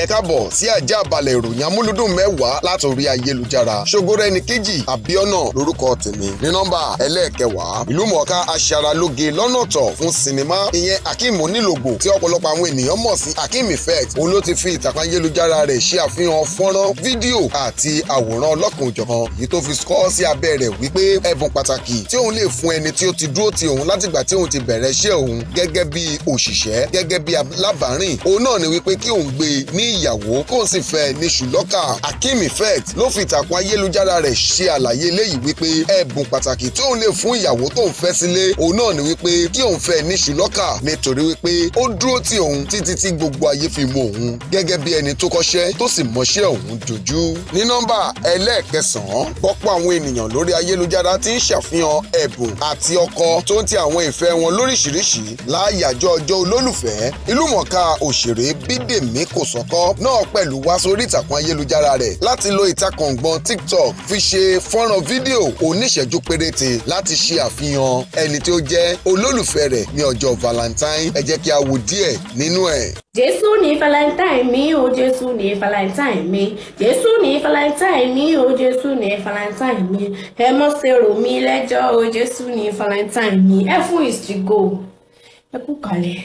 ẹ káàbọ̀ sí ajá balẹ̀ ìròyìn amúlùdùn mẹ́wàá látòrí ayélujára ṣogorẹ́ni kejì àbíọ́nà lórúkọ tèmi ní nọ́mbà ẹlẹ́ẹ̀kẹwàá ìlúmọ̀ọ́ká aṣaralóge lọ́nà ọ̀tọ̀ fún sinimá ìyẹn akeem onílògbò tí ọ̀pọ̀lọpọ̀ àwọn ènìyàn mọ̀ sí akeem effect òun ló ti fi ìtàkùn ayélujára rẹ̀ ṣe àfihàn fọ́nrán fídíò àti àwòrán ọlọ́kùn òjọ̀kan èyí tó fi kọ́ sí abẹ́ rẹ̀ wípé ẹ̀bùn pàtàkì tí òun lè fún ẹni tí ó ti dúró ti òun látìgbà tí òun ti bẹ̀rẹ̀ iṣẹ́ òun gẹ́gẹ́ bí òṣìṣẹ́ gẹ́gẹ́ bí ni ìyàwó kò sì fẹ́ ní ṣùlọ́kà Akeem Effect ló fi ìtàkùn ayélujára rẹ̀ ṣe àlàyé eléyìí wípé ẹ̀bùn pàtàkì tí òun lè fún ìyàwó tóun fẹ́ sílé òun náà ni wípé kí òun fẹ́ ní ṣùlọ́kà nítorí wípé ó dúró ti òun títí tí gbogbo ayé fi mọ òun gẹ́gẹ́ bí ẹni tó kọ́ṣẹ́ tó sì mọṣẹ́ òun dojú. ní nọ́mbà ẹlẹ́ẹ̀kẹsàn-án pọ́pọ́ àwọn ènìyàn lórí ayélujára ti ń ṣàfihàn ẹ̀bùn àti ọkọ tó ń ti àwọn ìfẹ́ wọn lóríṣiríṣi láàyàjọ́ ọjọ́ olólùfẹ́ ìlúmọ̀ọ́ká òṣèré Bídèmí Kòsọ́k akẹ́kọ̀ọ́ náà pẹ̀lú wá sórí ìtàkùn ayélujára rẹ̀ láti lo ìtakàngbọ̀n tiktok fi ṣe fọ́nrán fídíò oníṣẹ́jú péréte láti ṣe àfihàn ẹni tí ó jẹ́ olólùfẹ́ rẹ̀ ní ọjọ́ valentine ẹ jẹ́ kí a wo díẹ̀ nínú ẹ̀. Jésù ni Valentine mi o Jésù ni Valentine mi Jésù ni Valentine mi o Jésù ni Valentine mi ẹ mọ́ ṣe rò mí lẹ́jọ́ o Jésù ni Valentine mi ẹ fún ìsìnkú ẹ kú kalẹ̀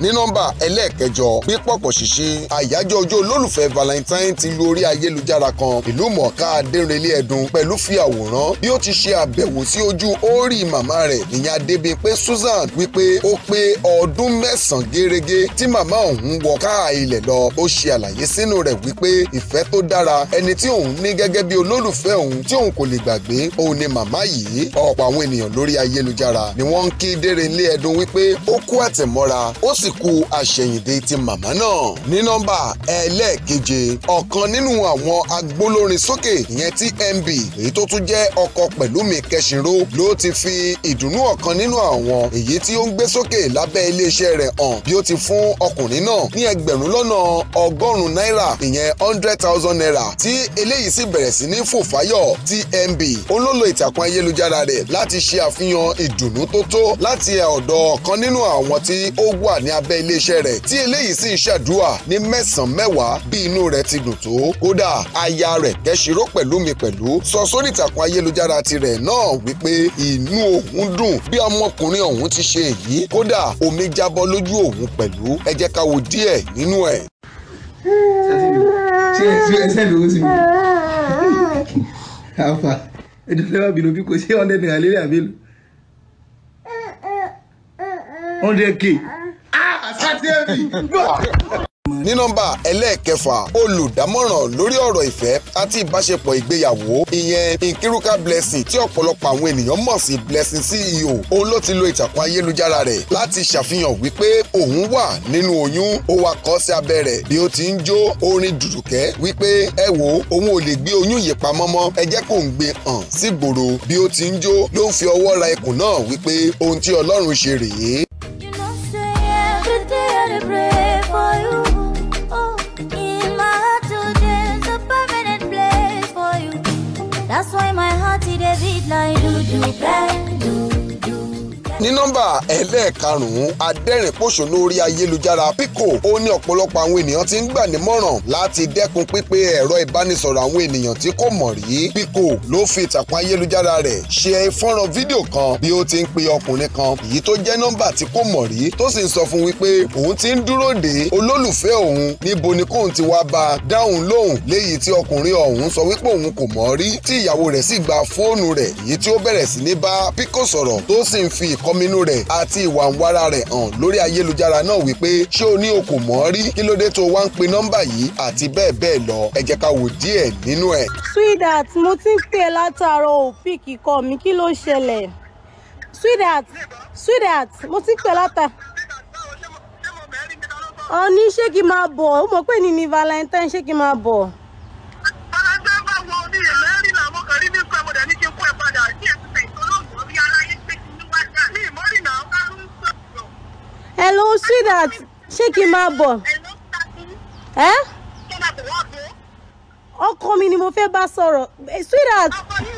ní nọ́mbà ẹlẹ́ẹ̀kẹjọ pípọ̀pọ̀ ṣìṣe àyájọ́ ọjọ́ olólùfẹ́ valentine ti lu orí ayélujára kan ìlú mọ̀ọ́ká adérelé ẹ̀dùn pẹ̀lú fi àwòrán bí ó ti ṣe àbẹ̀wò sí ojú orí màmá rẹ̀ ìyẹn adébíyìnpé susan wípé ó pé ọdún mẹ́sàn-án gẹ́rẹ́gẹ́ tí màmá òun wọ káà ilẹ̀ lọ ó ṣe àlàyé sínú rẹ̀ wípé ìfẹ́ tó dára ẹni tí òun ní gẹ́gẹ́ bí olólùfẹ́ òun tí òun kò lè gbàgbé òun ni màmá yìí ọ̀pọ̀ àwọn ènìyàn lórí ayélujára ni wọ́n ń kí dérelé ẹ̀dùn wípé ó kú àtẹ̀mọ́ra ó s lásìkò àṣẹ̀yìndè ti màmá náà ní nọ́mbà ẹlẹ́ẹ̀keje ọ̀kan nínú àwọn agbólórin sókè ìyẹn TMB èyí tó tún jẹ́ ọkọ Pẹ̀lúmi Kẹ́sìnró ló ti fi ìdùnnú ọ̀kan nínú àwọn èyí tí ó ń gbé sókè lábẹ́ iléeṣẹ́ rẹ̀ hàn bí ó ti fún ọkùnrin náà ní ẹgbẹ̀rún lọ́nà ọgọ́rùn náírà ìyẹn hundred thousand naira tí eléyìí sì bẹ̀rẹ̀ sí ní fòfáyọ̀ TMB olólo ìtàkùn ayélujára rẹ̀ láti ṣe àfihàn ìdùnnú tó tó láti ọ̀dọ̀ ọ̀kan nínú àwọn tí ó wà ní abẹ́ iléeṣẹ́ rẹ̀ tí eléyìí sì ń ṣàdúrà ní mẹ́sàn-án mẹ́wàá bí inú rẹ̀ ti dùn tó kódà aya rẹ̀ Kẹ́sìrò Pẹ̀lúmi pẹ̀lú sọ sórí ìtàkùn ayélujára tirẹ̀ náà wípé inú òun dùn bí ọmọkùnrin òun ti ṣe èyí kódà omi jábọ́ lójú òun pẹ̀lú ẹ jẹ́ ká wo díẹ̀ nínú ẹ̀. ṣé ẹ sẹ́ni owó sí mi? àfà ẹ̀dọ́lẹ́wà bínú bí kò ṣe hundred naira lórí àbẹ́lú hundred k ní nọ́mbà ẹlẹ́ẹ̀kẹfà olùdámọ̀ràn lórí ọ̀rọ̀ ìfẹ́ àti ìbáṣepọ̀ ìgbéyàwó ìyẹn nkiruka blessing tí ọ̀pọ̀lọpọ̀ àwọn ènìyàn mọ̀ sí blessing ceo òun ló ti lo ìtàkùn ayélujára rẹ̀ láti ṣàfihàn wípé òun wà nínú oyún ó wá kọ́ sí abẹ́ rẹ̀ bí ó ti ń jó orin dùdùkẹ́ wípé ẹ wo òun ò lè gbé oyún yìí pamọ́ mọ́ ẹ jẹ́ kó ń gbé hàn sí gbòòrò bí ó ti ń jó ló ń fi ọwọ́ ra ikùn náà wípé ohun tí ọlọ́run ṣe rèé I do do brand ní nọ́mbà ẹlẹ́ẹ̀karùn-ún adẹ́rìn-pòṣónú orí ayélujára Pico ó ní ọ̀pọ̀lọpọ̀ àwọn ènìyàn ti ń gbà nímọ̀ràn láti dẹ́kun pípé ẹ̀rọ ìbánisọ̀rọ̀ àwọn ènìyàn tí kò mọ̀ rí Pico ló fi ìtàkùn ayélujára rẹ̀ ṣe fọ́nrán fídíò kan bí ó ti ń pe ọkùnrin kan èyí tó jẹ́ nọ́mbà tí kò mọ̀ rí tó sì ń sọ fún wípé òun ti ń dúró dé olólùfẹ́ òun níbo ni kóun ti wá bá a dáhùn lóhùn léyìí tí ọkùnrin ọ̀hún sọ wípé òun kò mọ̀ rí tí ìyàwó rẹ̀ sì gba fóònù rẹ̀ èyí tí ó bẹ̀rẹ̀ Pico sọ̀rọ̀ tó sì ń ìkọminú rẹ̀ àti ìwà ǹwara rẹ̀ hàn lórí ayélujára náà wípé ṣé o ní o kò rí kí ló dé tó wá ń pe nọ́mbà yìí àti bẹ́ẹ̀ bẹ́ẹ̀ lọ ẹ jẹ́ ká wò díẹ̀ nínú ẹ̀. sweetheart mo ti ń pè látàárọ̀ òpì kíkọ mi kí ló ṣẹlẹ̀ sweetheart sweetheart mo ti ń pè látàárọ̀ ọ ní ṣé kí n máa bọ̀ ó mọ̀ pé ní ní valentine ṣé kí n máa bọ̀. that ṣé kí n máa bọ̀. ẹ ọkọ mi ni mo fẹ́ bá sọ̀rọ̀ eh, sweetheart. ọkọ mi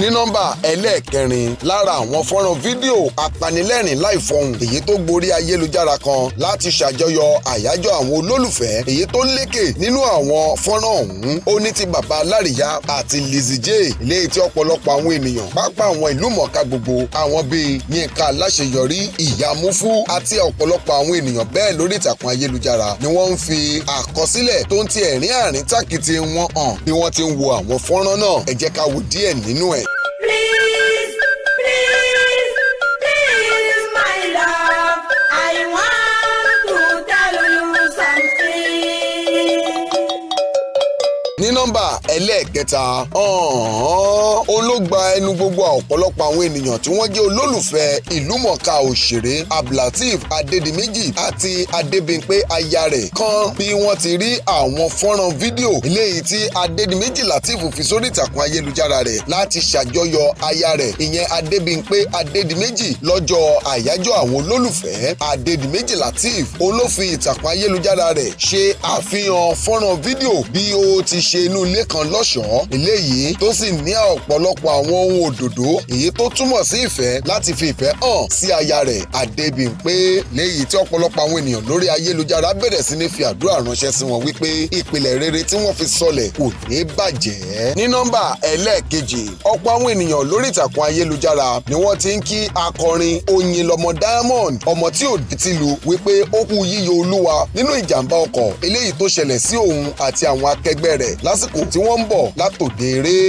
ní nọ́mbà ẹlẹ́ẹ̀kẹrin lára àwọn fọ́nrán fídíò apanilẹ́rìn láì fọhùn èyí tó gborí ayélujára kan láti ṣàjọyọ̀ àyájọ́ àwọn olólùfẹ́ èyí tó lékè nínú àwọn fọ́nrán ọ̀hún ó ní ti bàbá alárìíyá àti Lizzy J léyìí tí ọ̀pọ̀lọpọ̀ àwọn ènìyàn pápá àwọn ìlú mọ̀ọ́ká gbogbo àwọn bíi Yínká Aláṣeyọrí Ìyá Múfú àti ọ̀pọ̀lọpọ̀ àwọn ènìyàn bẹ́ẹ̀ lórí ìtàkùn ayélujára ni wọ́n ń fi àkọsílẹ̀ tó ń ti ẹ̀rín àrín tàkìtì wọn hàn bí wọ́n ti ń wo àwọn fọ́nrán náà ẹ jẹ́ ká wo díẹ̀ nínú ẹ̀. nọ́mbà ẹlẹ́ẹ̀kẹta ọ̀hún ó ló gba ẹnu gbogbo ọ̀pọ̀lọpọ̀ àwọn ènìyàn tí wọ́n jẹ́ olólùfẹ́ ìlúmọ̀ọ́ká òṣèré abdulateef adédìméjì àti adébímpé aya rẹ̀ kan bí wọ́n ti rí àwọn fọ́nrán fídíò eléyìí tí adédìméjì lateef fi sórí ìtàkùn ayélujára rẹ̀ láti ṣàjọyọ̀ aya rẹ̀ ìyẹn adébímpé adédìméjì lọ́jọ́ àyájọ́ àwọn olólùfẹ́ adédìméjì lateef olófin ìtàkùn ayélujára rẹ̀ ṣe àfihàn fọ́nrán fídíò bí ó ti ṣe inú nínú ilé kan lọ́ṣọ̀ọ́ eléyìí tó sì ní ọ̀pọ̀lọpọ̀ àwọn ohun òdòdó èyí tó túmọ̀ sí ìfẹ́ láti fi ìfẹ́ hàn sí aya rẹ̀ Adébímpé léyìí tí ọ̀pọ̀lọpọ̀ àwọn ènìyàn lórí ayélujára bẹ̀rẹ̀ sí ní fi àdúrà ránṣẹ́ sí wọn wípé ìpìlẹ̀ rere tí wọ́n fi sọlẹ̀ kò ní bàjẹ́. ní nọ́mbà ẹlẹ́ẹ̀kejì ọ̀pọ̀ àwọn ènìyàn lórí ìtàkùn ayélujára ni wọ́n ti ń kí akọrin Oyinlọmọ Diamond ọmọ tí ò ti lu wípé ó kú yíyọ olúwa nínú ìjàmbá ọkọ̀ eléyìí tó ṣẹlẹ̀ sí òun àti àwọn akẹgbẹ́ rẹ̀ lásì lásìkò tí wọ́n ń bọ̀ látòde eré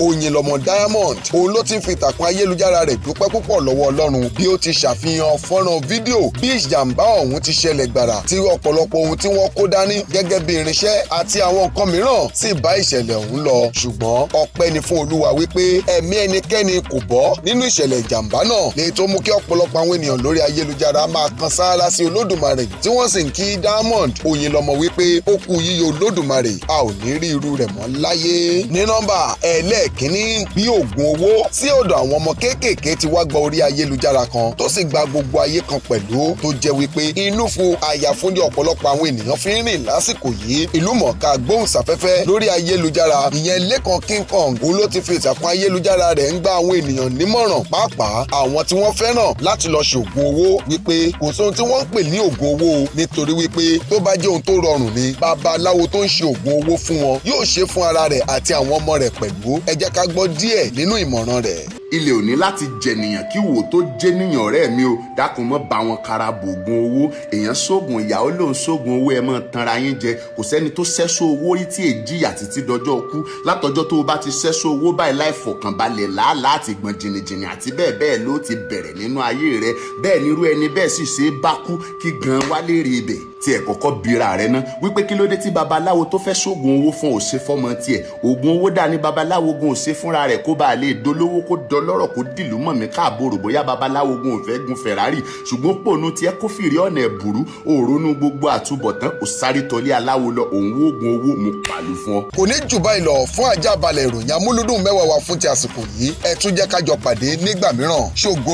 òyìnlọ́mọ diamond òun ló ti fi ìtàkùn ayélujára rẹ̀ dúpẹ́ púpọ̀ lọ́wọ́ ọlọ́run bí ó ti ṣàfihàn fọ́nrán fídíò bí ìjàmbá ọ̀hún ti ṣẹlẹ̀ gbàrà tí ọ̀pọ̀lọpọ̀ ohun tí wọ́n kó dání gẹ́gẹ́ bí irinṣẹ́ àti àwọn nǹkan mìíràn sì bá ìṣẹ̀lẹ̀ ọ̀hún lọ ṣùgbọ́n ọpẹ́ ni fún olúwa wípé ẹ̀mí ẹnikẹ́ni kò bọ́ nínú ìṣẹ̀lẹ̀ ìjàmbá náà lè tó mú kí ọ̀pọ̀lọpọ̀ àwọn ènìyàn lórí ayélujára máa kan sáárá sí olódùmarè tí wọ́n sì ń kí diamond òyìnlọ́mọ wípé ó kú yíyọ olódùmarè a ò ní ẹlẹ́ẹ̀kínní bí oògùn owó sí ọ̀dọ̀ àwọn ọmọ kéékèèké ti wá gba orí ayélujára kan tó sì gba gbogbo ayé kan pẹ̀lú tó jẹ́ wípé inú fu àyàfo ní ọ̀pọ̀lọpọ̀ àwọn ènìyàn fi ń rìn lásìkò yìí ìlú mọ̀ọ́ká gbóhùnsáfẹ́fẹ́ lórí ayélujára ìyẹn Lékan King Kong òun ló ti fi ìtàkùn ayélujára rẹ̀ ń gba àwọn ènìyàn nímọ̀ràn pàápàá àwọn tí wọ́n fẹ́ràn láti lọ ṣògùn owó wípé kò sóhun tí wọ́n ń pè ní ògùn owó nítorí wípé tó bá jẹ́ ohun tó rọrùn ni babaláwo tó ń ṣe ògùn owó fún wọn yóò ṣe fún ara rẹ̀ àti àwọn ọmọ rẹ̀ pẹ̀lú ẹ jẹ́ ká gbọ́ díẹ̀ nínú ìmọ̀ràn rẹ̀ ilé òní láti jẹnìyàn kí wò tó jẹnìyàn ọ̀rẹ́ mi o dákun mọ́ bá wọn kara bògùn owó èèyàn sóògùn ìyàwó lòun sóògùn owó ẹ mọ́ tanra yín jẹ kò sẹ́ni tó sẹ́sọ owó rí tí èjìyà títí dọjọ́ kú látọjọ́ tó o bá ti sẹ́sọ owó báyìí láì fọkànbalẹ̀ làálàá ti gbọ̀n jìnnìjìnnì àti bẹ́ẹ̀ bẹ́ẹ̀ ló ti bẹ̀rẹ̀ nínú ayé rẹ bẹ́ẹ̀ nírú ẹni bẹ́ẹ̀ sì ṣe é bá kú kí gan wálé rí ibẹ̀ tí ẹ kọ́kọ́ bira rẹ ná wípé kí ló dé tí babaláwo tó fẹ́ sóògùn owó fún òṣèfọ́mọ tiẹ̀ òògùn owó dà ní babaláwo gun òṣèfúnra rẹ̀ kó bá a lè dolówó kó dọ ọlọ́rọ̀ kó dìlú mọ̀ mí káàbòrò bóyá babaláwo gun òfẹ́ gun Ferrari ṣùgbọ́n pòónú tiẹ̀ kó fìrí ọ̀nà ẹ̀bùrú òrónú gbogbo àtúbọ̀tán ò sáré tọ́lé aláwo lọ òun wóògùn owó mu pàlú fún ọ. kò ní jù báyìí lọ fún àjàbalẹ̀ ìròyìn amúlùdùn mẹ́wàá wa fún ti àsìkò yìí ẹ tún jẹ́ ká jọ pàdé nígbà mìíràn ṣògo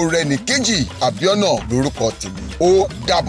rẹ̀